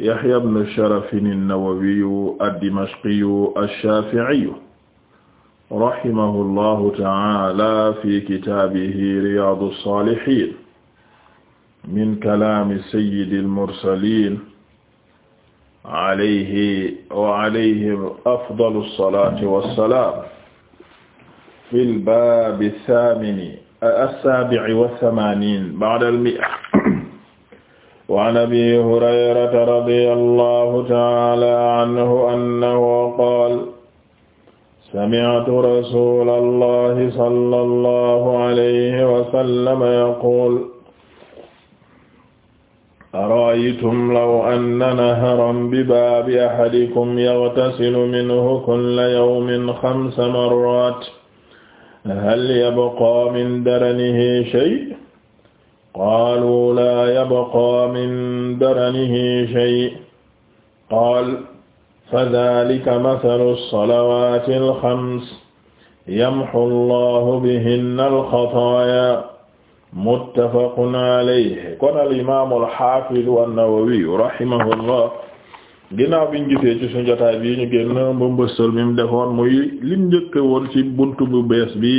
Yahya ibn Sharaf an-Nawawi ad-Dimashqi ash-Shafi'i rahimahullahu ta'ala fi kitaabihi Riyadus Salihin min kalaami sayyidil mursaliin alayhi wa alayhi afdalus salaati wassalaam fil baabi as-saamini as-saabi'i wa thamaaniin ba'dal mi'a waan abi hurayrata radiyallahu ta'ala anhu annahu qaala sami'tu rasuulallahi sallallahu alayhi wa sallam yaquulu ara'aytum law anna naharan bibaabi ahadikum yaghtasilu minhu kulla yawmin xamsa marraat hal yabqaa min daranihi shay' qaalu laa yabqaa min daranihi shay qaal fadhalika mathalu alsalawati alxams yamxu allahu bihinna alxataaya muttafaqun alayhi kon alimaamu alxafidu annawawiyu rahimahu llah ginnaaw biñ gisee ci suñu jotaay bii ñu génn mbambëstal mi mu defoon muy lim njëkke woon ci buntu bu bees bi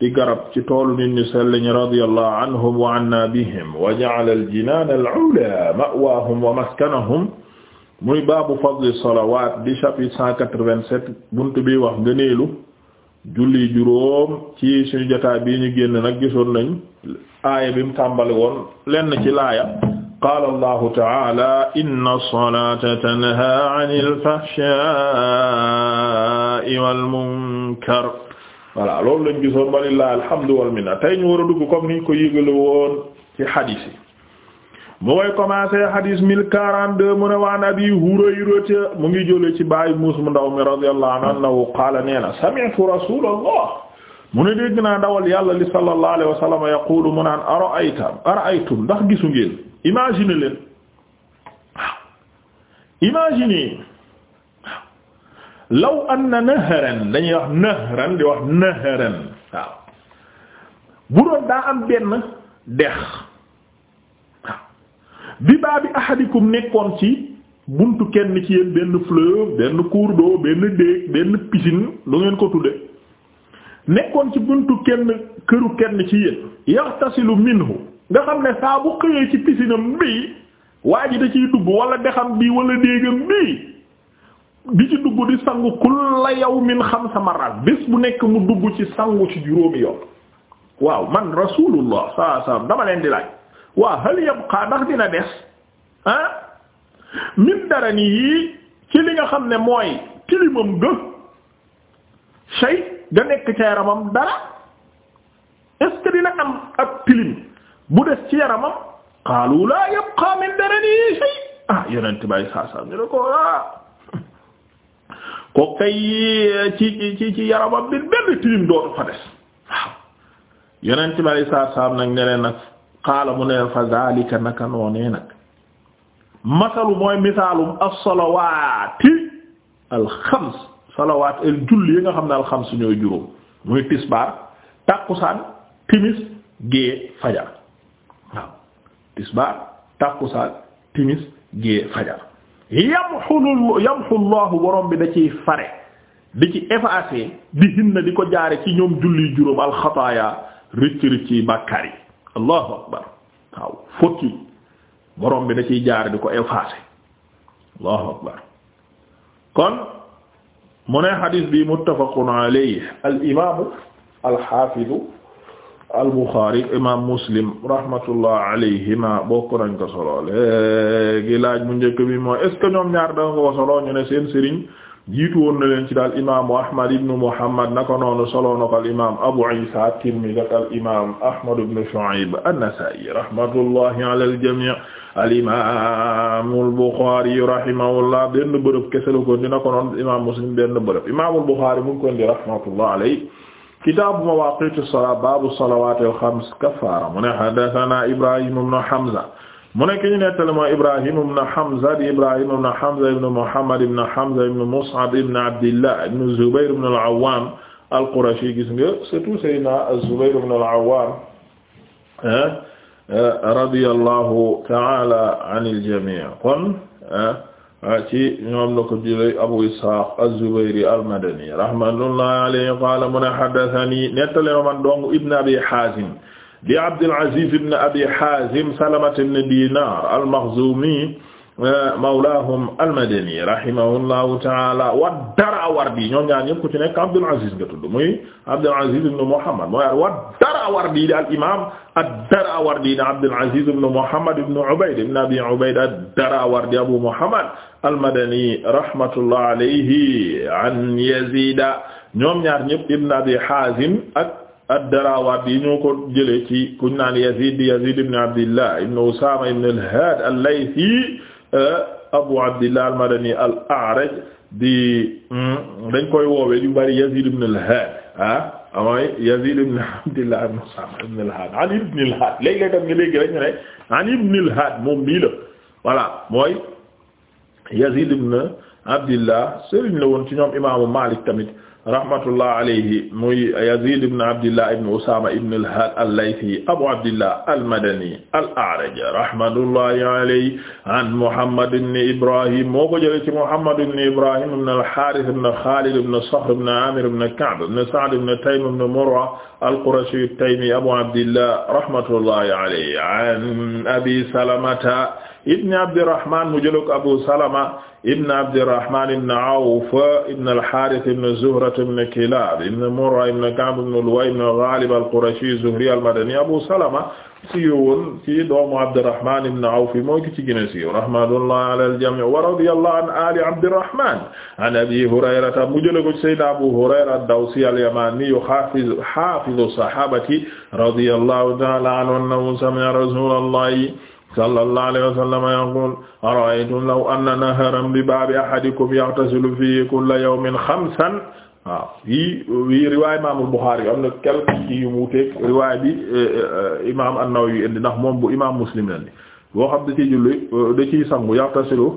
di garab ci toolu nit ñu sell ñi radiyallahu anhum wa anna bihim wa ja'ala al-jinaan al-'ulaa ma'waahum wa maskanahum muy baabu fadli salawaat di chapitre 187 buntu bi wax ngëneelu julli juróom ci suñu jotaay bii ñu génn nag gisoon nañ aaya bi mu tàmbali woon lenn ci laaya qaala allahu ta'ala inna as-salaata tanhaa 'anil fahshaa'i wal munkar voilà loolu lañ gisoon walillahi alhamdu wal minna tey ñu war a dugg comme ko yëgale woon ci xadiis yi mu koy commencé mille quarante deux mu ne waan abi hurayrata mu ngi jóle ci bàyyi muus mu ndaw mi radiyallahu anhu qaala nee na mu ne dégg naa dawal yàlla li sallallahu alayhi wa sallam yaqulu mu naan ara'aytum ndax gisu ngeen imagine leen imagine law am na nahran dañuy wax nahran di wax nahran waaw bu doon daa am benn dex waaw bi baa bi ahadikum nekkoon ci buntu kenn ci yéen benn fleuve benn cours benn déeg benn piscine lu ngeen ko tudde nekkoon ci buntu kenn këru kenn ci yéen yaxtasilu minhu nga xam ne saa bu xëyee ci piscine bii waa ji da ciy dugg wala dexam bii wala déegam bii di ci dugg di sangu kulla yawmin xamsa marrat bés bu nekk mu dugg ci sangu ci juróomi yoon waaw man rasulullah sallallahu alayhi wasallam dama leen di laaj waaw hal yabqa ndax dina des ah min dara ni yii ci li nga xam ne mooy tilimam ga shay ga nekk ca yaramam dara est ce dina ak tilim bu des ci yaramam qaalu la yabqa min dara ni yii shay ah yonent bay saa saa ñu ko ah ko kay eh, ci ci ci yaramam bi benn tilim doon fa des waaw yeneen ci bari saa nag ne nag xaala mu ne fa zalika naka noonee nag masalu mooy misaalum as-salawaati alxams salawaat el julli yi nga xam ne alxams ñooy juróom muy tisbaar tàkkusaan timis gée fajar waaw tisbaar tàkkusaan timis gée fajar yamxulul yamxu llahu borom bi da ciy fare di ci effacer di hinna di ko jaare ci ñoom julli juróom alxataaya rëcc rëcc yi yi allahu akbar waaw fóot yi bi da ciy jaare di ko effacer allahu akbar kon mu ne xadiis bi muttafaqun alayhi al imaamu al-Bukhari imam Muslim rahmatullah alayhima bokk ko solo léegi laaj mu njëkk bi mooy est ñoom ñaar da ko solo ñu ne seen sëriñ jiitu woon na leen ci daal imaamu Ahmad ibn Muhammad naka solo na ko al imaam Abu Isa at-Tirmidhi ak al imaam Ahmad ibn Shu'ayb an-Nasa'i rahmatullahi ala al-jami' al imaam al-Bukhari rahimahullah benn bërëb kese la ko dina imaam Muslim benn bërëb imaam al-Bukhari mu ngi rahmatullah alayhi kitaabu mawaaqiitu salaa baabu salawaatil xams kafaara mu ne haddasanaa Ibrahim ibn Hamza mu ne ki ñu nettali mooy Ibrahim ibn Hamza di Ibrahim ibn Hamza ibn Muhammad ibn Hamza ibn Mus'ab ibn Abdillah ibn Zubayr ibn al-Awwaam al-Qurashi gis nga surtout Seydina Zubayr ibn al-Awwaam eh, eh, radiyallahu ta'aala anil jamii' kon eh, Ah, ci ñoom la ko jëlee Abu Ishaq az-Zubayri al-Madani rahmatullahi alayhi qaala mu ne haddathani nettali ma man dong Ibn Abi Hazim di Abdul Aziz ibn Abi Hazim Salamata ibn Dinar al-Makhzumi mawlaahum al-Madani rahimahullahu ta'ala wa Darawardi ñoom ñaar ñëpp ku ci nekk Abdul Aziz nga tudd muy Abdul Aziz ibn Muhammad mooy wa Darawardi di al-imaam ad-Darawardi di Abdul Aziz ibn Muhammad ibn Ubayd ibn Abi Ubayd ad-Darawardi Abu Muhammad al-Madani rahmatullah alayhi an Yazid ñoom ñaar ñëpp ibn Abi Hazim ak ad-Darawardi ñoo ko jëlee ci kuñ naan Yazid Yazid ibn Abdillah ibn Usama ibn al-Had al-Laythi Euh, Abu Abdillah al-Madani al-A'raj di hmm, dañ koy woowe yu bari Yazid ibn al-Had ah, ah mooy Yazid ibn an ibn al-Had léeg-léeg tam an ibn al moom bii la voilà mooy Yazid ibn Abdillah sëriñ la woon ci ñoom imaamu Malik tamit rahmatullah alayhi muy Yazid ibn Abdillah ibn Usama ibn al-Had al-Laythi Abu Abdillah al-Madani al-A'raj rahmatullahi alayhi an Muhammad ibn Ibrahim moo ko jëlee ci Muhammad ibn Ibrahim ibn al-Harith ibn Khalid ibn Sakhr ibn Amir ibn Ka'b ibn Sa'd ibn Taym ibn Murra al-Qurashi at-Taymi Abu Abdillah rahmatullahi alayhi an Abi Salamata ibn Abdirahman mu jëloog Abu Salama ibn Abdirahman ibn Awf ibn al-Harith ibn Zuhra ibn Kilab ibn Murra ibn Ka'b ibn Luway ibn Ghalib al-Qurashi az-Zuhri al-Madani Abu Salama siiwoon ci doomu Abdirahman ibn Awf moo ki ci gën a siiw rahmatullahi ala al-jami' wa radiyallahu an ali Abdirahman an Abi Hurayrata mu jëloog Sayyidina Abu Hurayra ad-Dawsi al-Yamani hafiz hafiz as-sahabati radiyallahu ta'ala anhu sami'a rasulallahi sallallahu alayhi wa sallam yaqul ara'aytum law anna naharan bi baabi ahadikum yaghtasilu fihi kulla yawmin xamsan waaw yii yii riwaay imaamul Buxaari am na quelques kii yu wuuteeg riwaay bi eh, eh, eh, imaam an-Nawawi indi ndax moom bu imaam Muslim la ni boo xam da ciy julli da ciy sangu yaghtasilu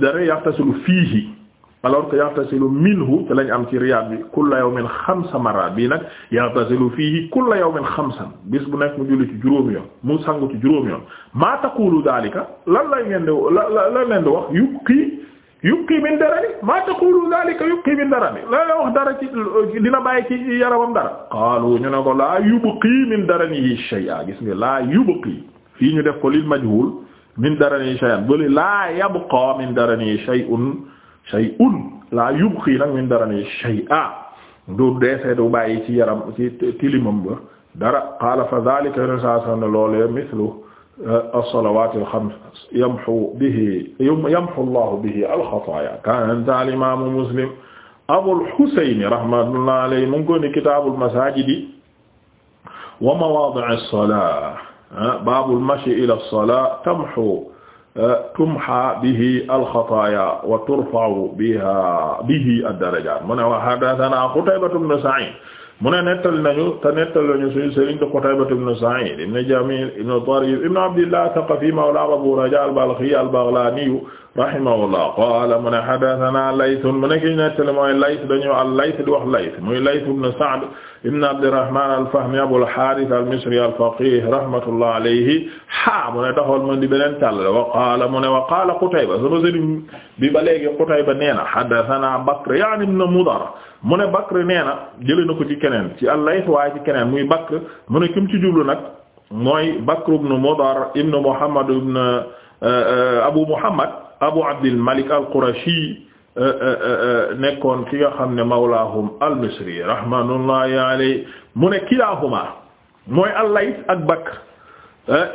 dara yaghtasilu fiihi alors que yaghtasilu minhu te lañ am ci Riyad bi kulla yawmin xamsa marra bii nag yaghtasilu fiihi kulla yawmin xamsan bis bu nekk mu julli ci juróomi yoon mu sangu ci juróomi yoon maa taqulu daalika lan lay la la lan leen di wax yubqi min darari maa taqulu daalika yubqi min darari lan la wax dara ci dina bàyyi ci yaramam dara. qaalu ñu ne ko laa yubqi min daranihi shay'a gis nga yubqi fii ñu def ko lil majhul min daranihi shay'an bali laa yabqa min daranihi shay'un shay'un la yubqi nag min dara ni shay'a du deesee du bàyyi ci yaram ci tilimam ba dara qaala fa dhalika yoneen saa salam ne loolee mithlu uh, as-salawat al-khams yamhu bihi yamhu Allahu bihi al-khataaya kaana al-imaamu Muslim Abul Husayn rahmatullahi alayhi mu ngi ko ni kitaabul masaajidi wa mawaadi'i as-salaat uh, baabul mashyi ila as-salaat tamhu tumha bihi alxataaya wa turfa'u biha bihi ad-darajaat mu ne wa haddathanaa Qutaybatu bnu Sa'iid mu ne nettali nañu te nettali nañu suñu sëriñ te Qutaybatu bnu Sa'iid ibn Jamiil ibn Tariif ibn Abdillah Saqafi mawla Abu Rajaa al-Balkhi al-Baghlaani rahimahullah qaala mu ne hadatana laytun mu ne ki ñu nettali mooy layt dañu al layt di wax layt muy layt ibn Sa'd ibn Abdirahman al-Fahmi Abul Harith al-Misri al-Faqih rahmatullah alayhi ha mu ne daxool man di beneen tàll wa qaala mu ne wa qaala Qutayba sama sëriñ bi ba léegi Qutayba nee na hadatana Bakr yaani ibn Mudar mu ne Bakr nee na jëlee na ko ci keneen ci al-Layt waaye ci keneen muy Bakr mu ne ki mu ci jublu nag mooy Bakr ibn Mudar ibn Muhammad ibn eh, eh, Abu Muhammad abu abdil malik al qurashi eh, eh, eh, nekkoon ki nga xam ne mawlaahum al misri rahmatullahi alayhi mu ne kilaahuma mooy al-Layth ak Bakr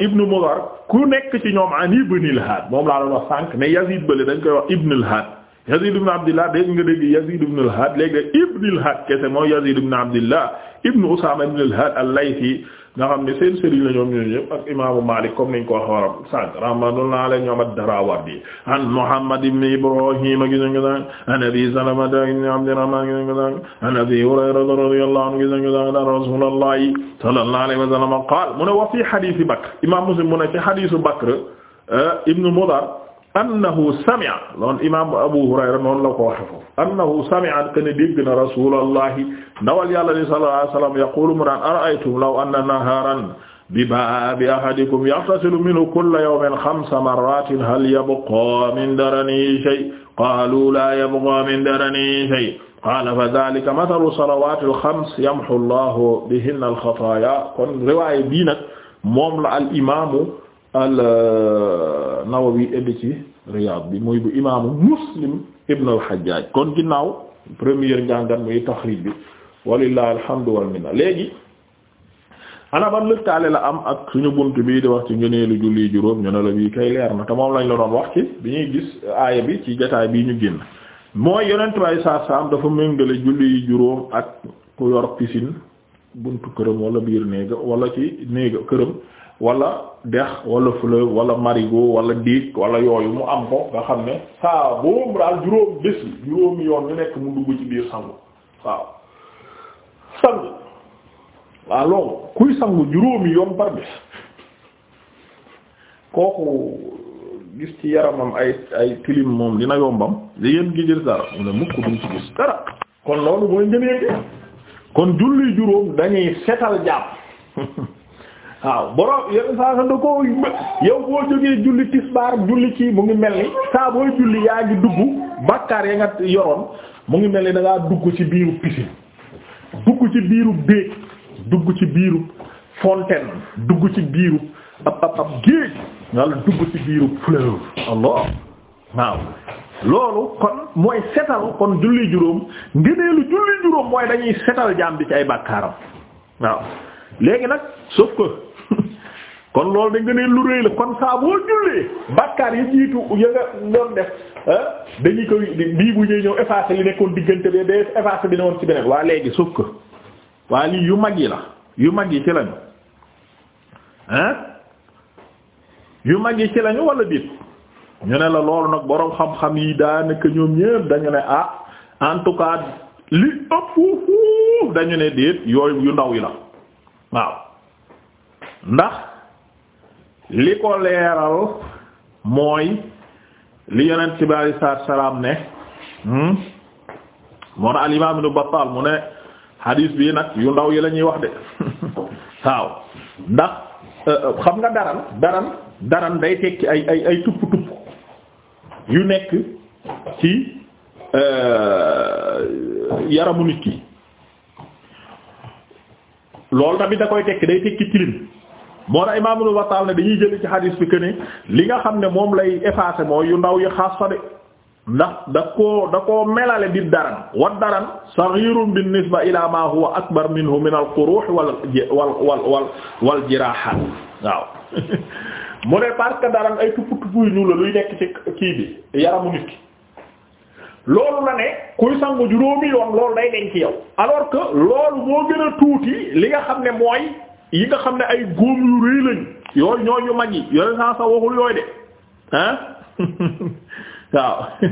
ibnu Mudar ku nekk ci ñoom an ibn al-Had moom laa doon wax sànq ne Yazid bële dañ koy wax ibn al-Had Yazid ibn Abdillah dégg nga dégg Yazid ibn al-Had léegi ibn al-Had kese mooy Yazid ibn Abdillah ibn Usama ibn al-Had al-Laythi nga xam ne seen sëriñ la ñoom ñooñu ñëpp ak imaamu Maalik comme niñ ko wax waram sànq rahmatullah alayhi ñoom ad-Darawardi an Muhammad ibn Ibrahim gis nga sànq an Abi Salama ibn Abdirrahman gis nga sànq an Abi Hurayra radiyallahu anhu gis nga sànq an Rasulullahi sallallahu alayhi wa sallam qaal mu ne wa fi hadith Bakr imaam Muslim mu ne ci hadithu Bakr eh, ibn Mudar annahu sami'a loolu imaam Abu Hurayra noonu la ko waxe foofu annahu sami'a kana dégg na rasulallahi ndawal yàlla li sallallahu alayhi wasallam yaqulu mu daan ara'aytum law anna naharan bi baabi ahadikum yaghtasilu minhu kulla yawmin xamsa marratin hal yabqa min daranihi shay qaalu laa yabqa min daranihi shay qaala fa dhaalika mathalu salawaati al-xams yamhu Allahu bihinna al-xataayaa kon riwaaya bii nag moom la al imaamu al euh, Nawawi indi ci Riyad bi muy bu imaamu Muslim ibn al kon ginnaaw première njàngat muy taxrij bi walillahi alhamdu wal minna léegi ana ban lëkkaale la am ak suñu bunt bii di wax ci ngëneelu julli juróom ñu ne la bii kay leer na te moom lañ la doon wax ci bi ñuy gis aaya bi ci jataay bii ñu génn mooy yonent bi saa saam dafa méngale julli juróom ak ku yor piscine buntu këram wala biir néega wala ci néega këram wala dex walla fleuve wala marigot wala diig wala yooyu mu am ko nga xam ne saa boobu daal juróom bés juróomi yoon ñu nekk mu dugg ci biir sangu waaw sangu waaw loolu kuy sangu juróomi yoon par kooku gis ci yaramam ay ay tilim moom dina yombam li ngeen gi gis dara mu ne mukk duñ ci gis dara kon loolu mooy ngëneel kon julli juróom dañuy setal jàpp waaw borom yenn saa sax da koo yow boo jógee julli tisbaar julli ci mu ngi mel ni saa booy julli yaa ngi dugg bakkaar ya nga yoroon mu ngi mel ni dangaa ngaa dugg ci biiru piscine dugg ci biiru déeg dugg ci biiru fontaine dugg ci biiru ab ab ab géej walla dugg ci biiru fleuve Allah waaw loolu kon mooy setal kon julli juróom ngëneelu julli juróom mooy dañuy setal jaam bi ci ay bakkaaram waaw léegi nag sauf que kon loolu da nga ne lu rëy la kon saa boo jullee yi jiitu ya nga doon def ah, dañuy koy bii bu ñuy ñëw effacé li nekkoon diggante bi day effacé bi ne ci beneen waa léegi suuf ko waa lii yu mag yi la yu mag yi ci lañu hein ah, yu mag yi ci lañu walla dit ñu ne la loolu nag boroom xam-xam yi daanaka ñoom ñépp dañu ne ah en tout cas li ëpp fuuf dañu ne déet yooyu yu ndaw yi la waaw ndax li ko leeral mooy li yonent bi alayhi salaam ne hmm? moo na al imaam Ibn mu ne hadis bii nag yu ndaw yi la ñuy wax de waaw ndax euh, xam nga daran daran daran day tekki ay ay tupp tupp yu nekk ci euh, yaramu nit ki loolu tamit da koy tekki day tekki tilim moo na Imaam Ibn Battal ne dañuy jël ci hadis bi que li nga xam ne moom lay effacé mooy yu ndaw yi xaas fa de ndax da ko da koo melale bi daran wa daran saghirun bin nisba ila ma huwa akbar minhu min al quruh wal wal wal wal wal jirahat waaw mu ne parce daran ay tupp tupp yu ñuul la luy nekk ci kii bi yaramu nit ki loolu la ne kuy sangu juróomi yoon loolu day denc yow alors que loolu moo gën a tuuti li nga xam ne mooy. yi nga xam ne ay góom yu rëy lañ yooyu ñooñu mag yi yooyu saa sa waxul yooyu de ah waaw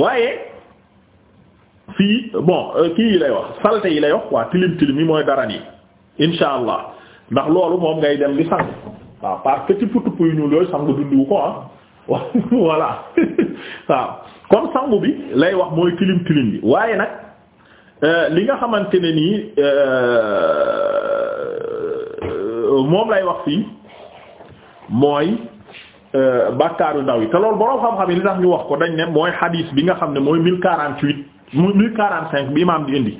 waaye fii bon euh, kii yi lay wax salte yi lay wax waa tilim tilim yi mooy dara nii insha allah ndax loolu moom ngay dem di sang waaw parce que ci tupp yu ñuul yooyu sangu dundiwu ko ah voilà waaw kon sangu bi lay wax mooy tilim tilim bi waaye nag euh, li nga xamante ne nii euh, moom lay wax fii mooy euh, bàkkaaru ndaw te loolu boroom xam-xam yi li tax ñu wax ko dañ ne mooy xadiis bi nga xam ne mooy mille quarante huit mille quarante cinq bi imaam di indi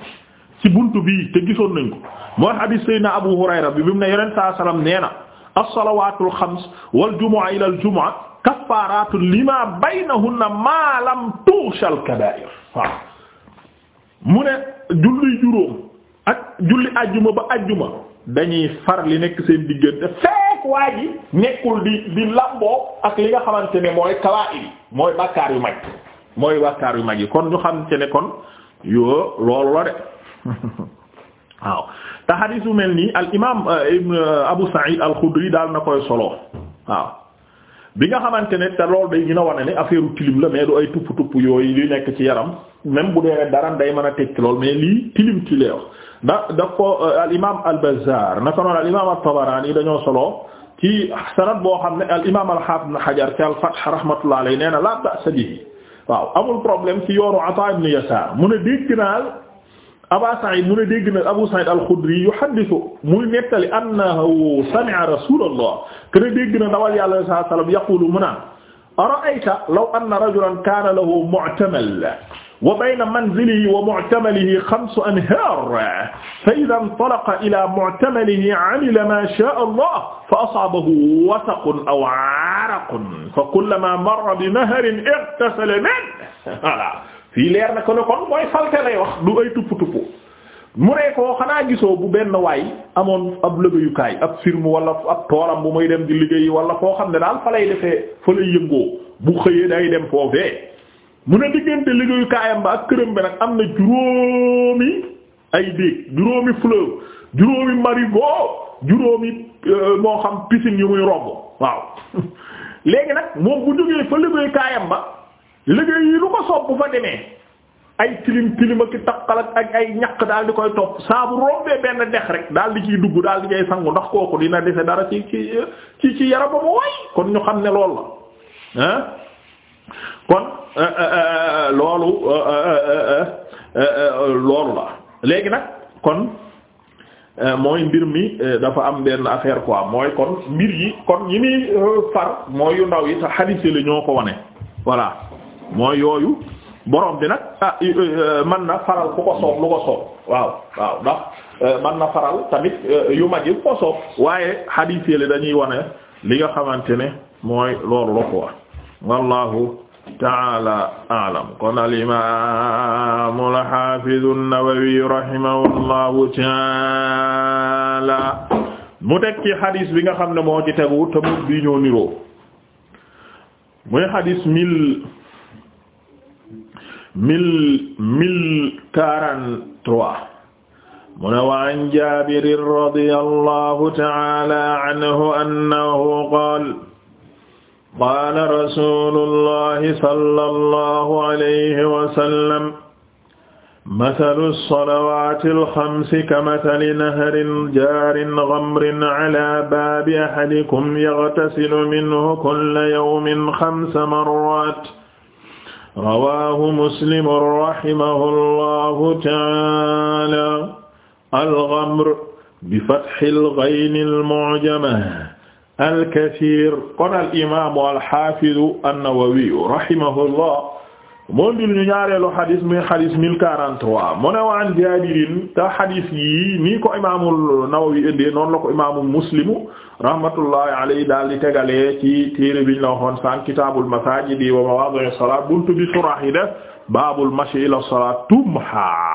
ci bunt bi te gisoon nañ ko mooy xadiis Seydina Abu Hurayra bi bi mu ne yonent saa salaam nee na as-salawaatul xams wal jumu'a ila al jumu'a kaffaaratun lima baynahunna ma lam tushal kabaa'ir waaw mu ne julli juróom ak julli ajjuma ba ajjuma dañuy far li nekk seen diggante fekk waa ji nekkul di di lamboo ak li nga xamante ne mooy kawaa'ir mooy bàkkaar yu mag mooy bàkkaar yu mag yi kon ñu xam te ne kon yoo loolu la de waaw te xadiis mel nii al imaam euh, Ibn euh, Abu Sa'id al-Khudri daal na koy solo waaw bi nga xamante ne te loolu day gën a wane ne affaire tilim la mais du ay tupp tupp yooyu li nekk ci yaram même bu dee dara day man a tekki lool mais lii tilim ci leew da daf ko euh, al imaam al Bazzaar naka noonu al imaam at-Tabaraani solo ci sanad boo xam ne al imaam al Haafiz ibn Hajar ci al Fath nee na laa ba'sa bihi waaw amul problème ci yoonu Ataa ibn Yasaar mu ne dégg naa Aba Saïd mu ne dégg na Abu Saïd al-Khudri yuhaddisu muy nettali annahu sami'a Rasulullah kene dégg na ndawal Yàlla sallallahu alayhi wa sallam yaqulu mu naan ara'ayta law anna rajulan kaana lahu mu'tamal wa bayna manzilihi wa mu'tamalihi xamsu anhaar fa idhaa intalaqa ilaa mu'tamalihi 'amila maa shaa'a Allah fa asaabahu wasaqun aw 'araqun fa kullamaa marra bi nahrin ightasala minhu fii leer na ko ne kon mooy salte lay wax du ay tupp tupp mu ne ko xanaa gisoo bu benn waay amoon ab liggéeyukaay ab firm wala ab toolam bu muy dem di liggéey wala foo xam ne daal fa lay defee fa lay yëngoo bu xëyee day dem foofee mu ne diggante liggéeyukaayam ba ak këram bi nag am na juróomi ay déeg juróomi fleuve juróomi marigot juróomi euh, moo xam piscine yu muy romb waaw léegi nag moom bu jógee fa liggéeyukaayam liggéey yi lu ko soob bu fa demee ay tilim tilim ak i ay ñaq daal di koy topp saa bu rombee benn dex rek daal di ciy dugg dal di koy sangu ndax kooku dina dese dara ci ci ci ci yaram ba mu way kon ñu xam ne lool la ah kon loolu loolu la léegi nag kon euh, mooy mbir mi euh, dafa am benn affaire quoi mooy kon mbir yi kon ñi muy euh, far mooy yu ndaw yi te xadiis la ñoo ko wane voilà mooy yooyu borom bi nag ah euh, man na faral ku ko soob lu ko soob waaw waaw euh, man na faral tamit euh, yu mag yi ku ko soob waaye hadith yi dañuy wane li nga xamante ne mooy loolu la quoi wallahu taala alam kon al imam al hafiz an-Nawawi taala mu teg ci xadis nga xam ne moo ci tegu te mu bi ñoo niroo muy xadis mille mille mille quarante-trois mu ne wa an jabirin radiyallahu ta'ala anhu annahu qaala qaala rasulullahi sallallahu alayhi wa sallam mathalu salawaati alxamsi kamathali nahrin jaarin ghamrin ala baabi ahadikum yaghtasilu minhu kulla yawmin khamsa marrat rawaahu muslim rahimahullahu ta'ala al-ghamr bi fathil ghayn al-mu'jama al-kathir qaala al-imaamu al-haafidu an-nawawi rahimahullah moo ndil ñu ñaareelu xadis muy xadis 1043 mu ne waan jaabirin te xadis yi nii ko imaamul Nawawi indee noon la ko imaamul muslimu rahmatullahi alayhi daal di tegalee ci téere bi ñu la waxoon sànq kitaabul masaajidi wa mawaadi'i salaat buntu bi suraax yi def baabul mashi ila salaat tumha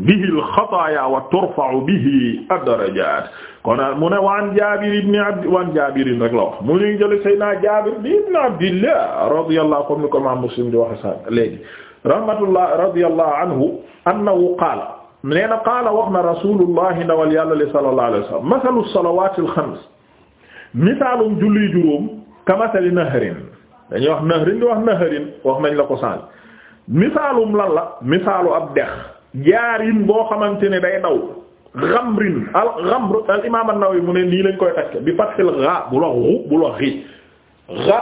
bihi al-xataaya wa turfa'u bihi ad-darajaat kon mu ne waan Jaabir ibn Abd waan Jaabir rek la wax mu ngi jël Seydina Jaabir ibn Abdillah radiyallahu comme ni ko Imaam Muslim di wax sax léegi rahmatullah radiyallahu anhu annahu qaala nee na qaala wax na Rasuulullahi ndawal yàlla li sallallahu alayhi wa sallam masalu salawaati al-xams misaalum julli juróom kamasali nahrin dañuy wax nahrin di wax nahrin wax nañ la ko sànni misaalum lan la misaalu ab dex. jaarin boo xamante ne day daw xamrin al xamr al imaam an-Nawawi mu ne nii lañ koy takke bi fathil ra bu la ru bu la ri ra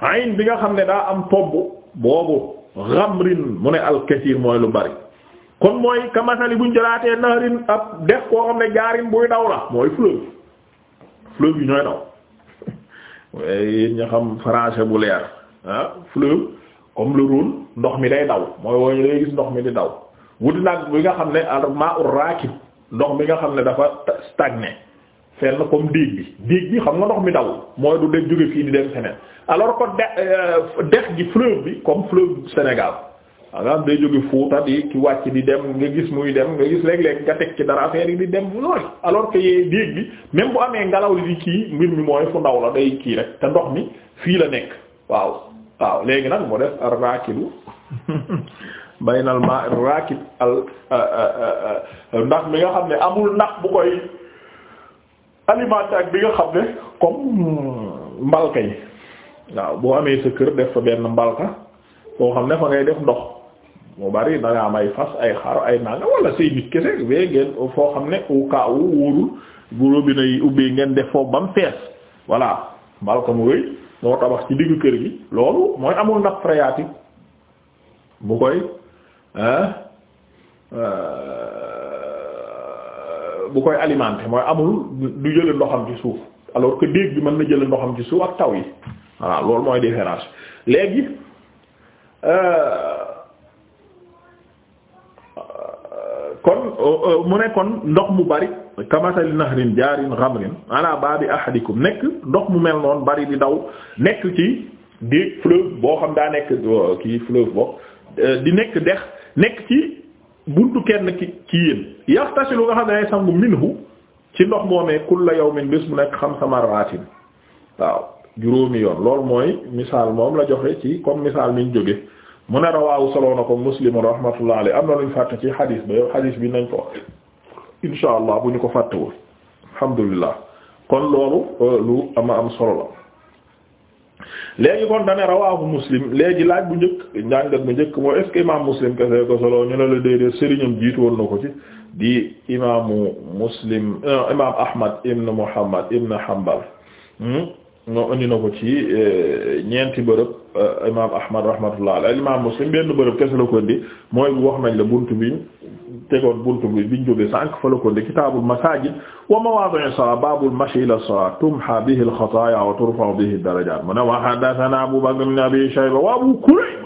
ayn bi nga xam ne daa am tomb boobu xamrin mu ne alkasiir mooy lu bari kon mooy kamasali buñ jëlaatee nahrin ab def koo xam ne jaarin buy daw la mooy fleuve fleuve yi ñooy daw yéen ña xam français bu leer ah comme le ndox mi day daw mooy wooñu day gis ndox mi di daw wuti nag bi nga xam ne almaa ur raakib ndox mi nga xam ne dafa stagné na comme déeg bi déeg bi xam nga ndox mi daw mooy du de jóge fii di dem alors que de euh, dex gi fleuve bi comme Sénégal da nga am day jóge Fuuta wàcc di dem nga gis muy dem nga gis léeg-léeg nga teg ci dara affaire yi di dem lool alors que yee déeg bi même bu amee ngelaw li di kii mbir mi mooy fu ndaw la day kii rek te ndox mi fii la nekk waaw waaw léegi nag moo def arrakidu baynal ma raakib al ndax mi nga xam ne amul ndax bu koy alimenté ak bi nga xam ne comme mbalka yi waaw boo amee sa kër def fa benn mbalka boo xam ne fa ngay def ndox mu bari da am ay fas ay xar ay nanga wala say nit kese bee ngeen foo xam ne au cas où wóorul bu robinet yi ubbee ngeen def foofu ba mu fees voilà mbalka mu wéy moo tabax ci diggu kër gi loolu mooy amul ndax phréatique bu koy Euh, bu koy alimenter mooy amul du jële ndoxam ci suuf alors que déeg bi mën na jële ndoxam ci suuf ak taw yi voilà loolu mooy différence léegi euh, kon euh, mu nekkoon ndox mu bari kamasali nahrin jaarin ghamrin ala babi ahadikum nekk ndox mu mel noonu bari di daw nekk ci déeg fleuve boo xam daa nekk ki fleuve bo di nekk dex nekk ci buntu kenn ki ci yéen yaxtasilu nga xam ne sangu minhu ci ndox moomee kulla yawmin bés bu nekk xamsa marratin waaw juróomi yoon loolu mooy misaal moom la joxe ci comme misaal mi jóge mu ne rawaawu soloo na ko muslim rahmatullah alayhi am na luñ fàtte ci xadiis ba yow xadiis bi nañ ko insha allah bu ñu ko fàttewul alhamdulillah kon loolu euh, lu ama am solo la léegi kon dane rawaahu muslim léegi laaj bu njëkk njàngat bu njëkk moo est ce que muslim kese ko solo ñu ne la déedéet sëriñam jiitu woon na ko ci di imaamu muslim euh, imam ahmad ibn muhammad ibn hanbal hmm? moo indi na ko ci euh, ñeenti bërëb Euh, imam ahmad rahmatullah ala imam muslim benn bërëb kese la ko indi mooy wax nañ la buntu bi tegoon buntu bi biñ jógee sànq fa la ko indi kitaabul masaajid wa mawaadi'u salaa baabul mashyi ila salaa tumhaa bihi al-xataayaa wa turfa'u bihi ad-darajaat mu ne wa haddathanaa Abuu Bakr ibn Abii Shayba wa Abuu Kurayb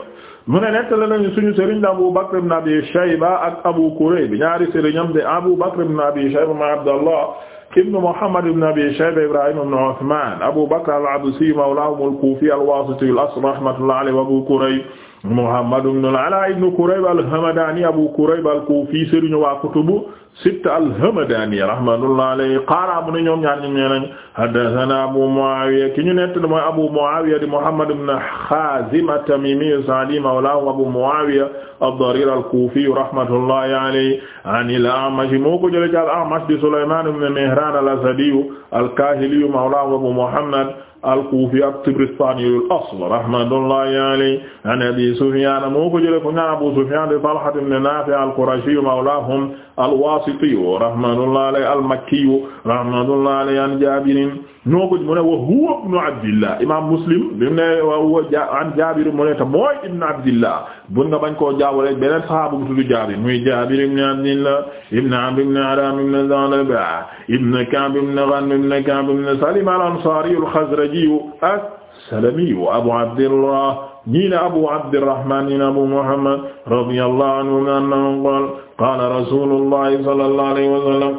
mu ne nettali nañu suñu sëriñ di Abuu Bakr ibn Abii Shayba ak Abuu Kurayb ñaari sëriñam de Abuu Bakr ibn Abii Shayba ma Abdallah ibnu Muhammad ibn Abi Shayba Ibrahim ibn Usman Abu Bakr al-Absi mawlahum al-Kufi al-Wasiti al-asl rahmatullahi alayhi wa Abu Kurayb Muhammad ibn al-Ala ibn Kurayb al-Hamadani Abu Kurayb al-Kufi sëriñ waa kutubu sibt al-Hamadani rahmatullahi alayhi qaala mu ne ñoom ñaar ñu ne nañu haddathana Abu Muawiya ki ñu nett mooy Abu Muawiya di Muhammad ibn Khazim at-Tamimi as-Sa'di mawlaahu Abu Muawiya ad-Darir al-Kufi rahmatullahi alayhi an al-A'mash moo ko jëlee ci al-A'mash di Sulayman ibn Mihran al-Asadi al-Kahili mawlaahu Abu Muhammad al-Kufi at-Tabaristani al-asl rahmatullahi alayhi an Abi Sufyan moo ko jëlee ko ñaar Abu Sufyan di Talha ibn Nafi' al-Qurashi mawlaahum al-Wasiti al-Wasitiyu rahmatullahi alayhi al-Makkiyu rahmatullahi alayhi an Jaabirin ñoo ko mu ne wa huwa ibnu Abdillah imaam Muslim bi mu ne wa huwa an Jaabir mu ne te mooy ibnu Abdillah bun nga bañ koo jaawale beneen sahaaba bu tudd Jaabir muy Jaabir ibnu Abdillah ibnu Amr ibnu Haraam ibnu Tha'laba ibnu Ka'b ibnu Ghanm ibnu Ka'b ibnu Salim al-Ansaariyu al-Khazrajiyu as-Salamiyu Abu Abdillah ñii ne abu abdirrahman ñii ne abu muhammad radiyallahu anhu annahu qaala qaala rasulullahi sallallahu alayhi wa sallam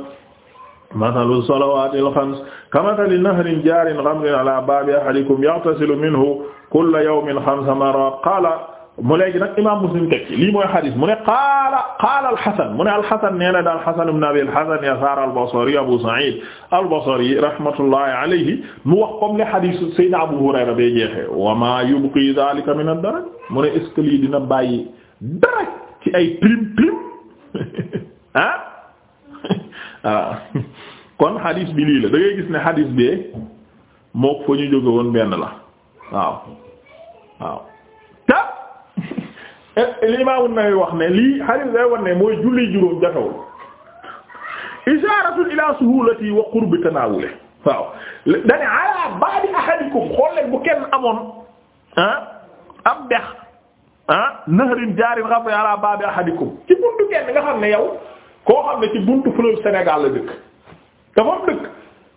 mathalu salawaatil xams kamathali nahrin jaarin ghamrin ala baabi ahadikum yaghtasilu minhu kulla yawmin xamsa marra qaala mu léegi nag imaam Muslim teg lii mooy xadis mu ne qaala al-Hasan mu ne al-Hasan nee na daal Hasan ibn Abi al-Hasan Yasaar al-Basri Abu Sa'id al-Basri rahmatullahi alayhi mu wax comme le xadis Seydina Abu Hurayra bee jeexee wa maa yubqi zaalika min ad-daraj mu ne est lii dina bàyyi dara ci ay prime prime ah? ah kon xadis bi lii la da gis ne xadis bee mook fa ñu jóge woon benn la waaw Eh, li Imaam an wax ne li hadith day wax ne mooy julli juróom jafewul ishaaratu ila suhulati wa qurbi tanaawule waaw dane ala ba'di ahadikum xool leen bu kenn amoon am ah, dex ah nahrin jaarin xam ne ala ba'di ahadikum ci buntu kenn nga xam ne yow koo xam ne ci buntu fleuve Sénégal la dëkk dafa dëkk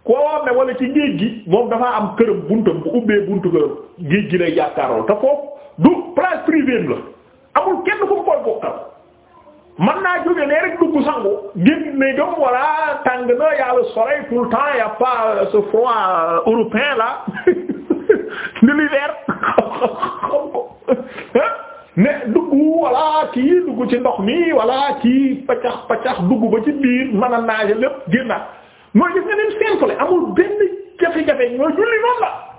koo xam ne wala ci géej gi moom dafaa am këram buntam bu ubbee buntu këram géej gi lay jàkkaaroo te foofu du place privée la. amul kenn ku mu koy bokkal man naa jóge ne rek dugg sangu génn ne jom voilà tàng na y soleil tout temps y pas euh, ce froid euh, européen la de l'hiver ne dugg voilà kii dugg ci ndox mi voilà kii paccax paccax dugg ba ci biir mën a naaje lépp génnaat mooy gis nga nim amul benn jafe-jafe ñooy julli noonu la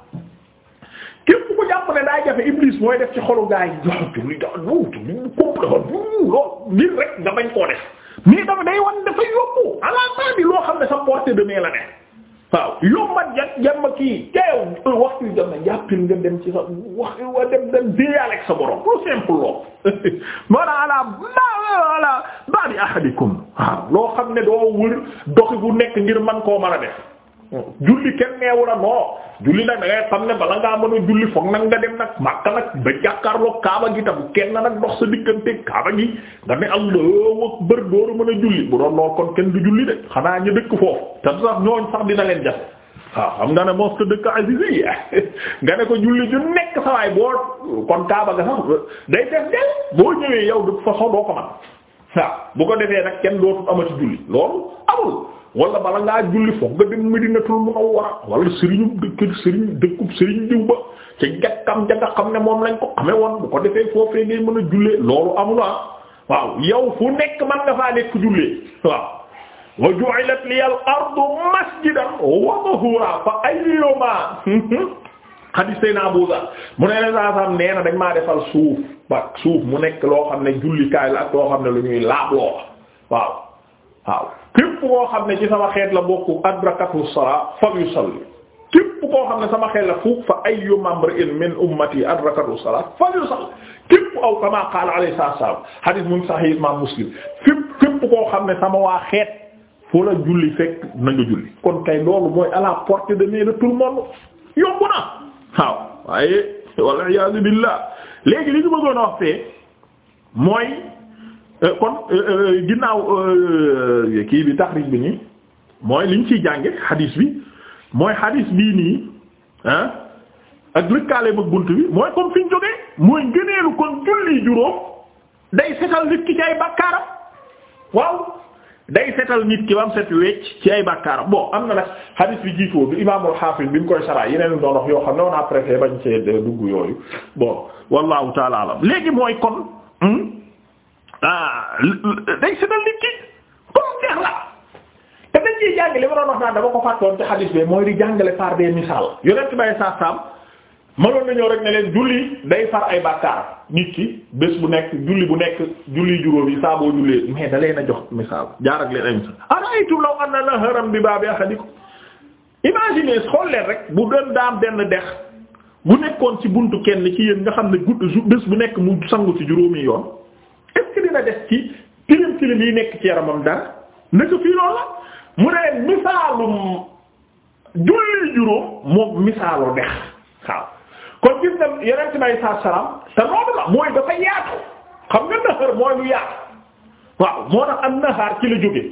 képp ku jàpp ne daa jafe iblis mooy def ci xolu gaa yi waaw julli da wow julli bu komp loo xam ne sa portée de main la ne waaw yombat jag jàmma kii teew waxtu jam na ci wax wa dem dem sa borom lu simple loo wala ahadikum waaw loo xam ne doo wër doxi bu nekk ngir man koo mën a def julli kenn neewu la non julli nag da ngay xam ne bala ngaa mën a julli foog nag nga dem nag Makka nag ba jàkkaarloo Kaaba gi tam kenn nag dox sa diggante Kaaba gi nga ne Allahu akbar dooru mën a julli bu doon lool kon kenn du julli de xanaa ñu dëkk foofu leen jafe xam nga ne mos ko dëkk Azizi nga ne ko julli ju nekk sa waay boo kon Kaaba ga sax day def del boo ñëwee yow de façon doo ko man bu ko defee nag kenn dootul amati julli loolu amul. wala bala ngaa julli foog nga dem Medinatul Munawwara wala sëriñu dëkk sëriñ dëkkub sëriñ diw ba ca jàkkam ja xam ne moom lañ ko xamee woon bu ko defee foofee ngay mën a jullee loolu amul ah waaw yow fu nekk man nga faa nekk jullee waaw wa wa tahura fa ayyuma hadis say na Abu Dharr mu ne leen saa sam nee dañ maa defal suuf ba suuf mu nekk loo xam ne jullikaay la ak loo xam ne lu ñuy laabloo waaw waaw képp koo xam ne ci sama xeet la bokku adrakatu salaa fal yusalli képp koo xam ne sama xeet la fuuk fa ayyu mamri'in min ummati adrakatu salaa fal yusalli képp aw kama qaala alayhi koo xam ne sama waa xeet foo la julli fekk na julli kon kay loolu mooy à la portée de main de tout monde yomb na waaw waaye wal iyaazu billah léegi li ñu bëggoon a wax fee mooy Euh, kon euh, euh, ginnaaw kii bi taxrij bi nii mooy liñ ciy jànge xadiis bi mooy xadiis bii nii ak lëkkaale ba bunt bi mooy comme fi ñu jógee mooy gëneelu kon julli juróom day setal nit ki ci ay bàkkaaram waaw day setal nit ki bam set wecc ci ay bàkkaaram bon am na nag xadiis bi jiitoo du imaamul xaafis bi mu koy saraa yeneen doon wax yoo xam ne on a préféré bañ cee dugg yooyu bon wallahu taala léegi mooy kon hmm, ah day setal nit ki comme neex la te dañ ciy jàngale ma doon wax naan dama ko fàttoon ci xadiis bi mooy di jàngale par des misaal yonent bay sa sam mënoon na ñëw rek ne leen julli day far ay bàkkaar nit ki bés bu nekk julli bu nekk julli juróom yi saa jullee mais da leen a jox misaal jaar leen ay misaal ara'aytum law a naharan bi baabi ahadikum imaginez xool leen rek bu doon daam benn dex bu nekkoon ci buntu kenn ci yéen nga xam ne gudd bés bu nekk mu sangu ci juróomi yoon a des ci tilim tilim yi nekk ci yaramam dara naka fii loolu mu ne misaalum julli juróom moom misaalu dex waaw kon gis na yeneen ci may saa salaam te loolu la mooy dafa yaatu xam nga naxar mooy lu yaatu waaw moo tax am naxaar ci la jóge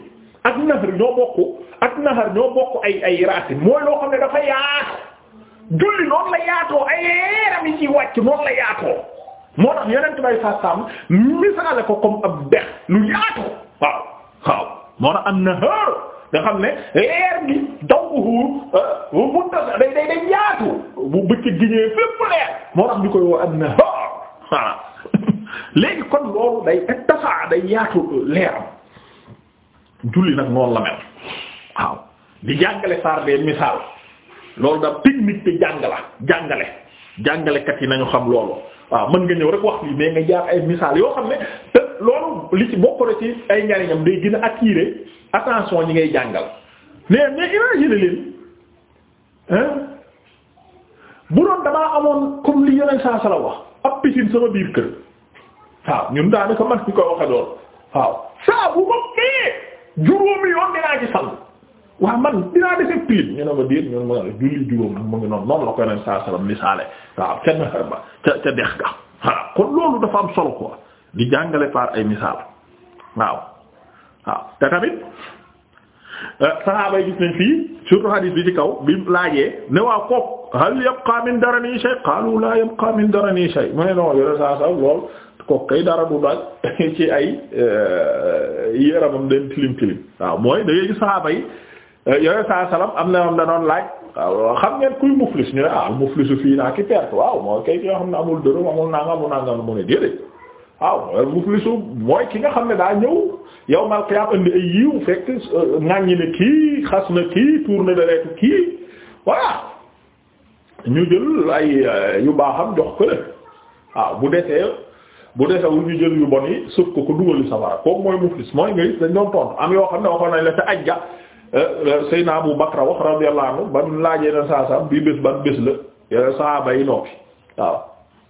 ak naxar ñoo bokku ak naxar ñoo bokk ay ay racine mooy loo xam ne dafa yaatu julli noonu la yaatoo ay yaram yi ci wàcc noonu la yaatoo moo tax yonent bay sàttam misaale ko comme ab dex lu yaatoo waaw waaw moo tax am na hër nga xam ne leer gi dawuhu bu euh, day day day yaatu bu bëccëg day day yaatu leeram julli nag noonu la mel waaw di jàngale saar bee misaal loolu da technique te jàngala jàngale jàngalekat yi nañu xam loolu waaw mën nga ñëw rek wax lii mais nga jaar ay misaal yoo xam ne te loolu li ci bokk ci ay njariñam day gën a attirer attention ñi ngay jàngal mais mais imagine leen bu doon damaa amoon comme li yeneen saa sala wax ab piscine sama biir kër waaw ñun daanaka man ñu koy waxe doon waaw saa bu ma fee juróomi yoon dinaa ci sangu waa man dinaa defee pile ñu ne ma déet ñun ma julli juróom mu ngi noonu noonu la koy leen saa salaam misaale waaw kenn ba ca dex ga kon loolu dafa am solo quoi di jàngale par ay misaal waaw waaw te tamit euh, saxaaba yi gis nañ fii surtout hadith bi ci kaw bi laajee ne waa kook hal yabqa min darani shay qaalu la yabqa min darani shay mu ne non yore saa salaam lool kook kay dara du daal ci ay euh, yaramam den tilim tilim waaw mooy da ngay Euh, yooyu saa salaam am na yoon da laaj xam ngeen kuy muflis ñu ne ah muflisu fii naa ki perte waaw mooy kay ki nga xam ne amul dërëm amul nangam amul nangam mu ne déedéet waaw muflisu mooy ki nga xam ne daa ñëw yow mal xiyaam indi ay yiw fekk euh, ŋàññi ne kii xas na kii tuur na daleetu kii voilà ñu jël ay euh, yu baaxam jox ko la bu desee bu desewul ñu jël yu bon yi sëf ko ko dugal safara kooku mooy muflis mooy nga dañ doon tontu am yoo xam ne waxoon nañ la Eh, eh, Seydina Abu Bakra wax radiyallahu anhu ba mu laajee na saa saa bii bés ban bés la yeneen saaba yi noppi waaw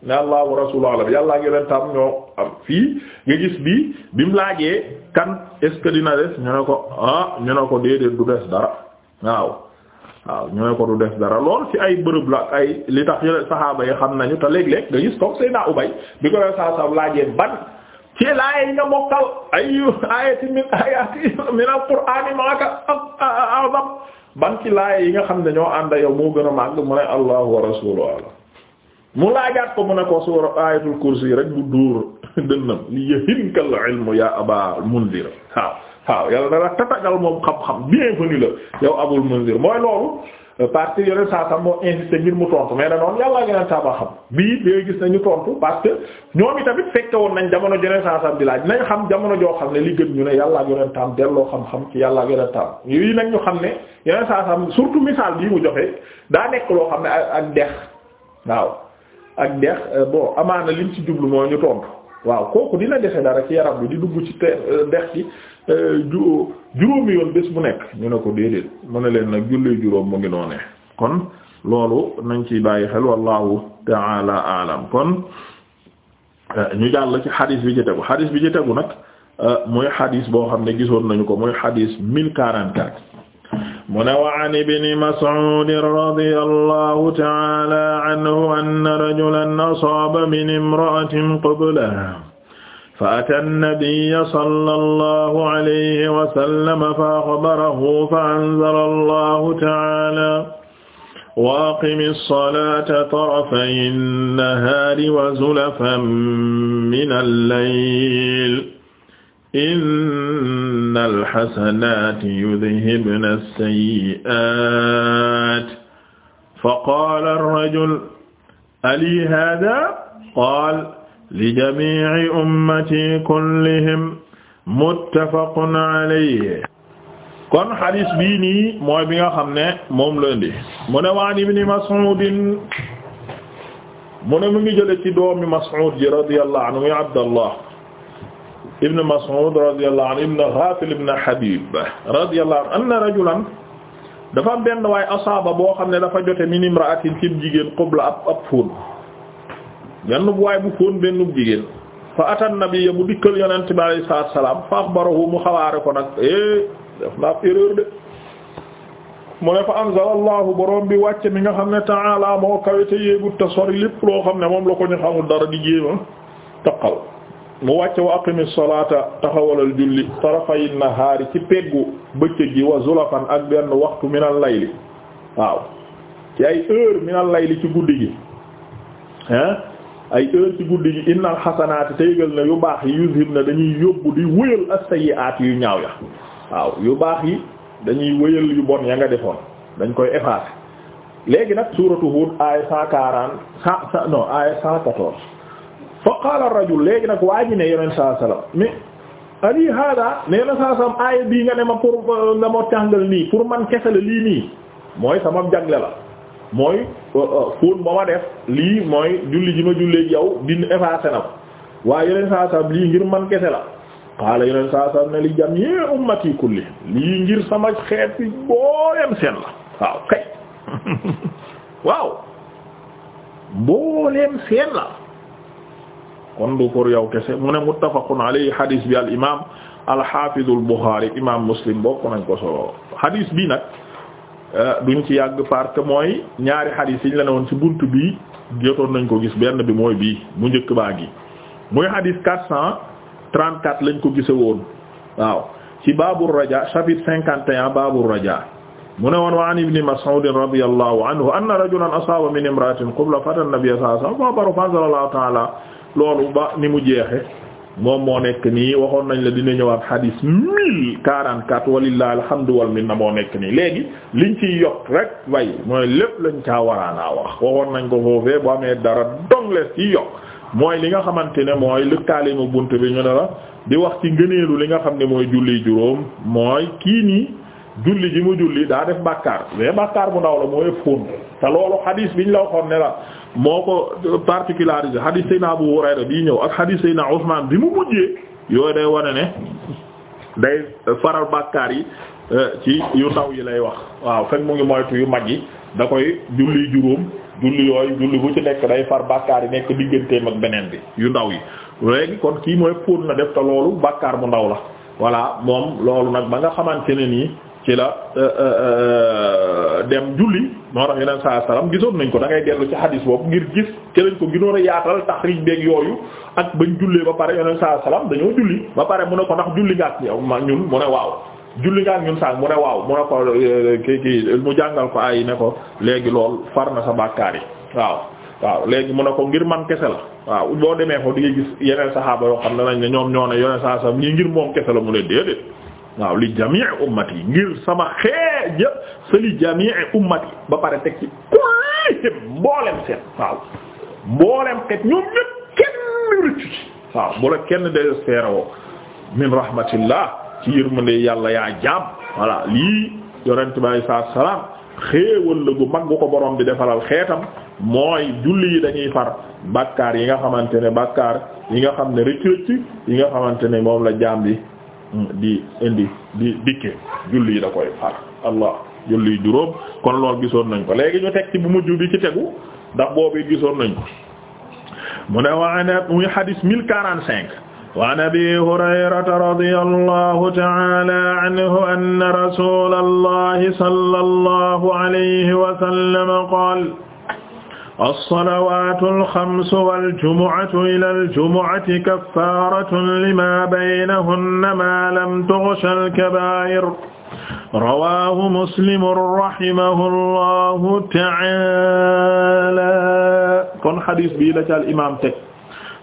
ne Allah wa rasuluhu alam yàllaa ngi leen tam ñoo am fii nga gis bii bi mu laajee kan est des ñu ne ko ah ñu ne ko déedéet du des dara waaw waaw ñu ne ko du des dara lool ci ay bërëb la ay li tax yeneen saxaaba yi xam nañu te léeg-léeg nga gis comme Seydina Ubay bi ko leen saa laajee ban. ci laaya yi nga mokkal ayu ayati min ayati min alqur'ani maaka azam ban laaya yi nga xam ne ñoo ànda yow moo gën a màgg mu ne allahu wa rasuluhu alam mu laajaat ko mu ne ko suura ayatul rek bu dënnam li yahinkal ilmu ya aba munzir waaw waaw yàlla dara tatagal moom xam-xam bienvenu la yow abul munzir mooy loolu parce que yoneen saa sam moo insisté ngir mu tontu mais na noonu yàllaa yoneen saa ba xam bii day gis nañu tontu parce que ñoom itamit fekke woon nañ jamono yoneen saa sam di laaj nañ xam jamono joo xam ne li gën ñu ne yàllaa yoneen taam delloo xam-xam ci yàllaa yoneen taam yii nag ñu xam ne yoneen saa sam surtout misaal bii mu joxe daa nekk loo xam ne ak dex waaw ak dex euh, bon amaana liñ ci jublu moo ñu tontu. waaw kooku dina dese dara ci yaram bi di dugg ci te euh, dex ci euh, juróomi yoon bés bu nekk ñu ne ko déedéet mu ne leen nag julli juróom mu ngi noonee kon loolu nañ ci bàyyi xel wallahu taala alam kon euh, ñu jàll ci xadis bi ci tegu xadis bi ci tegu nag mooy xadis boo xam ne gisoon nañu ko muy xadis mille quarante-quatre mu ne wa an ibni mas'uudin radiyallahu ta'aala anhu anna rajulan asaaba min imra'atin qublaha fa ataa an-nabiyya sallallahu alayhi wa sallam fa akhbarahu fa anzala allahu ta'aala wa aqimi s-salaata tarafayi n-nahaari wa zulafan mina l-layl inna alxasanaati yudhibna as-sayyi'aat faqaala ar-rajul alii haadaa qaala lijamii'i ummatii kullihim muttafaqun alayhi kon xadis bii nii mooy bi nga xam ne moom la indi mu ne waan ibni Mas'uudin mu ne mu ngi jële ci doomi Mas'uud ji radiyallahu anhu Abdallah ibn Mas'ud radiyallahu am benn waaye asaaba boo xam ne dafa jote min imra'atin ci jigéen qubla ab ab fóon benn bu waay bu fóon benn jigéen fa atan bi alayhi eh, bi wàcce mi nga xam ne ta'ala moo kawe te te sori lépp loo xam ne moom la ko ñu xamul dara di jéema taqal mu wàcce wa aqimi salaata taxawalal julli tarafayi nahaari ci peggu bëccëg gi wa zulafan ak benn waxtu minal layli waaw ci ay heure minal layli ci guddi gi hein ay heure ci guddi gi innal xasanaati te yëgal na yu baax yi yuzhib na dañuy yóbbu di wëyal as-sayyi'aat yu ñaaw ya waaw yu baax yi dañuy wëyal yu bon ya nga defoon dañ koy effacer léegi nag suuratu Huud aaya cent quarante cent non fa qaala ar-rajul léegi nag waa ji ne yoneen saa salaam mais ali hada ne yoneen saa salaam aaya bii nga ne ma pour nga ma tàngal nii pour man kese la lii nii mooy sama jagle la mooy euh, euh, fóon ba ma def lii mooy julli ji ma jullee yow din effacé na ko waaye yoneen saa salaam lii ngir man kese la qaala yoneen saa salaam ne li jamii ummati kulli lii ngir sama xeet bi booleem seen la waaw kay waaw booleem seen la kon du pour yow kese mu ne muttafaqun alayhi hadis bi al imaam al hafizul Bukhari imaam Muslim bokk nañ ko solo hadis bi nag euh, duñ ci yàgg parce que mooy ñaari hadis yi ñu la ne woon ci bunt bi jotoon nañ ko gis benn bi mooy bii mu njëkk baa ngi muy hadis 434 lañ ko gise woon waaw ci baabur raja chapitre 51 baabur raja mu ne woon wa an ibni mas'udin radiyallahu anhu anna rajulan asaaba min imra'atin qubla fatan nabiyya sallallahu alayhi fa anzala Allahu ta'ala loolu ba ni mu jeexe moom moo nekk nii waxoon nañ la dina ñëwaat xadis mille quarante quatre walillahi alhamdu wal minna moo nekk nii léegi liñ ciy yokk rek way mooy lépp lañ caa waraanaa wax waxoon nañ ko foofee bu amee dara donglees ciy yokk mooy li nga xamante ne mooy lëkkaale mu bunt bi ñu ne la di wax ci ngëneelu li nga xam ne mooy julli juróom mooy kii nii julli ji mu julli daa def bàkkaar mais bàkkaar bu ndaw la mooy fóon te loolu xadis biñ la waxoon moo ko particularisé hadith sayna Abu Hurayra bii ñëw ak hadith sayna Usman bi mu mujjee yooyu day wane ne day faral bàkkaar yi euh, ci yu ndaw yi lay wax waaw fekk mu ngi moytu yu mag yi da koy julli juróom julli yooyu julli bu ci nekk day far bàkkaar yi nekk digganteem ak beneen bi yu ndaw yi léegi kon kii mooy pour na def te loolu bàkkaar bu ndaw la voilà moom loolu nag ba nga xamante ne nii ci la euh, euh, euh, dem julli moo tax yeneen saa salaam gisoon nañ ko da ngay dellu ci xadis boobu ngir gis ci lañ ko gënoon a yaatal taxriij beeg yooyu ak bañ jullee ba pare yeneen saa salaam dañoo julli ba pare mu ne ko ndax julli nga ak ñun mu ne waaw. julli nga ak ñun sax mu ne waaw mu ne ko kii mu jàngal ko ay ne ko léegi lool far na sa bàkkaar yi waaw waaw léegi mu ne ko ngir man kese la waaw boo demee ko di gis yeneen saxaaba yoo xam ne nañ ne ñoo ne yeneen ngir moom kese la mu waaw li jamii ummati yi ngir sama xee jë sa li jamii ummati ba pare teg ci kullihim mboolem seen waaw mboolem xeet ñoom ñëpp kenn rëccu ci waaw bu la kenn désespéré woo min rahmatillah ci yërmande yàlla yaa jaam voilà lii yonent bi alei salaatu la gu mag bu ko borom bi defalal xeetam mooy julli yi dañuy far bàkkaar yi nga xamante ne bàkkaar yi nga xam ne rëcc rëcc yi nga xamante ne moom la jaam bi di indi di dikke julli yi da koy far allah julli juróom kon lool gisoon nañ ko léegi ñu teg ci bu mujj bi ci tegu ndax boobu gisoon nañ ko mu ne waane muy hadis mille quarante cinq waan abi hurayrata radiyallahu ta'ala anhu anna rasulallahi sallallahu alayhi wa sallam qaala alsalawatu alxamsu waljumuatu ila aljumuati kafaratun lima baynahunna ma lam tughsha alkabair rawahu muslimun rahimahullahu taala kon xadis bii la ci alimam teg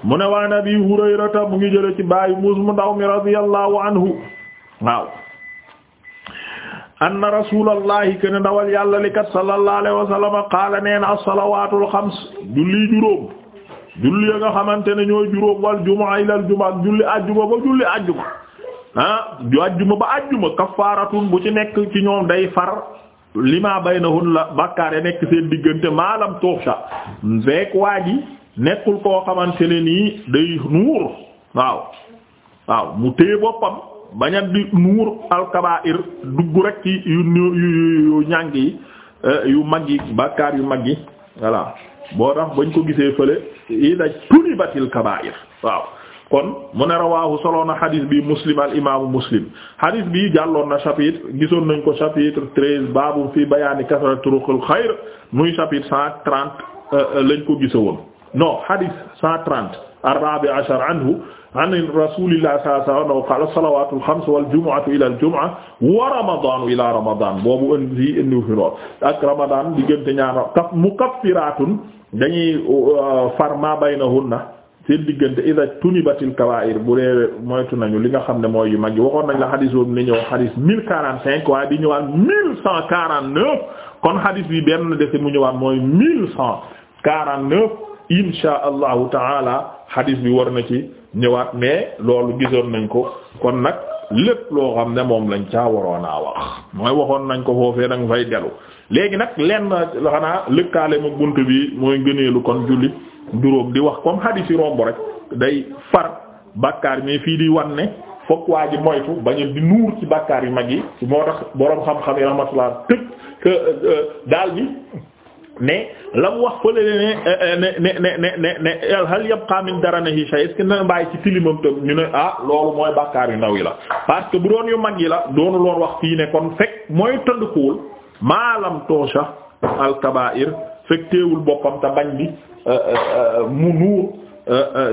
mu ne waan abi hurayrata mu ngi jële ci bàyyi muus mu ndaw mi radiyallahu anhu waaw anna rasulallahi ken ndawal yàlla li kat sallallahu alayhi qaala nee na as-salawaatul xams julli juróom julli ya nga xamante ne ñooy juróom wal jumaa ilal jumaa julli àjjuma ba julli àjjuma ah ju àjjuma ba àjjuma kafaaratun bu ci nekk ci ñoom day far lima baynahun la bàkkaar ya nekk seen diggante maalam tuuxsa fekk waa ji nekkul koo xamante ne nii day nuur waaw waaw mu téye boppam. baña bi nuur alkabair dugg rek ci yu yu ñàng yi eh, yu mag yi bàkkaar yu mag yi voilà boo tax bañ ko gisee fële ida tunibatil kabair waaw kon mu ne rawaahu soloon na xadis bi muslim al imaamu muslim xadis bi jàlloon na chapitre gisoon nañ ko chapitre treize baabu fi bayaani kasrat turuqil xayr muy chapitre cent trente euh, euh, lañ ko gisewoon non xadis cent trente ar-rabi' ashar anhu an rasulillahi sallallahu alayhi wa sallam qala as-salawatu al-khams wal-jumu'atu ila al-jumu'ah wa ramadanu ila ramadan boobu indi indi fi lool ak ramadan diggante ñaar kaf mukaffiratun dañuy euh, far ma baynahunna seen diggante ida tunibatil kabaa'ir bu dee moytu nañu li nga xam ne mooy yu mag yi waxoon nañ la xadis boobu ni ñëw xadis mille quarante cinq waaye di ñëwaat mille cent quarante neuf kon xadis bi benn defe mu ñëwaat mooy mille cent quarante neuf insha allahu taala xadiis bi war na ci ñëwaat mais loolu gisoon nañ ko kon nag lépp loo xam ne moom lañ caa waroon a wax mooy waxoon nañ ko foofee da nga fay dellu léegi nag lenn xanaa lëkkaale ma bunt bi mooy ngëneelu kon julli juróom di wax comme xadiis yi romb rek day far bàkkaar mais fii di wan ne fokk waa ji moytu bañu di nuur ci bàkkaar yu mag yi moo tax boroom xam-xam yi rahmatullah tëb euh, euh, daal bi mais la mu wax fële euh, euh, ne ne ne ne ne ne hal yabqa min daranihi shay est-ce que na bàyyi ci tilimam tam ñu ne ah loolu mooy bàkkaar yu ndaw yi la parce que bu doon yu mag yi la doonu loon wax fii ne kon fekk mooy tëndkuwul maalam toosha al kabaa'ir boppam te bañ bi euh, mu nuur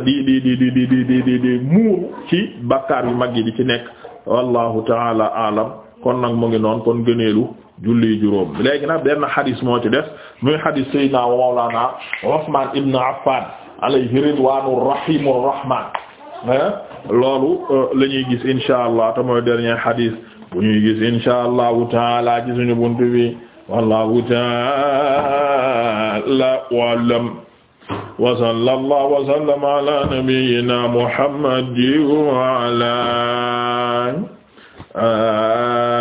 di di di di di di muuru ci bàkkaar yu mag yi di ci nekk wallahu taala alam kon nag mu ngi noon kon gëneelu julli juróom léegi nag benn xadis moo ci def muy xadis sayyidina wa mawlana Usman ibn Affan alayhi ridwanu rahimu rahman eh? loolu eh, la ñuy gis insha allah te mooy dernier xadis bu ñuy gis insha allahu taala ci suñu buntu bi wallahu taala wa'lam wa sallallahu wa sallama ala nabiyyina muhammadin wa ala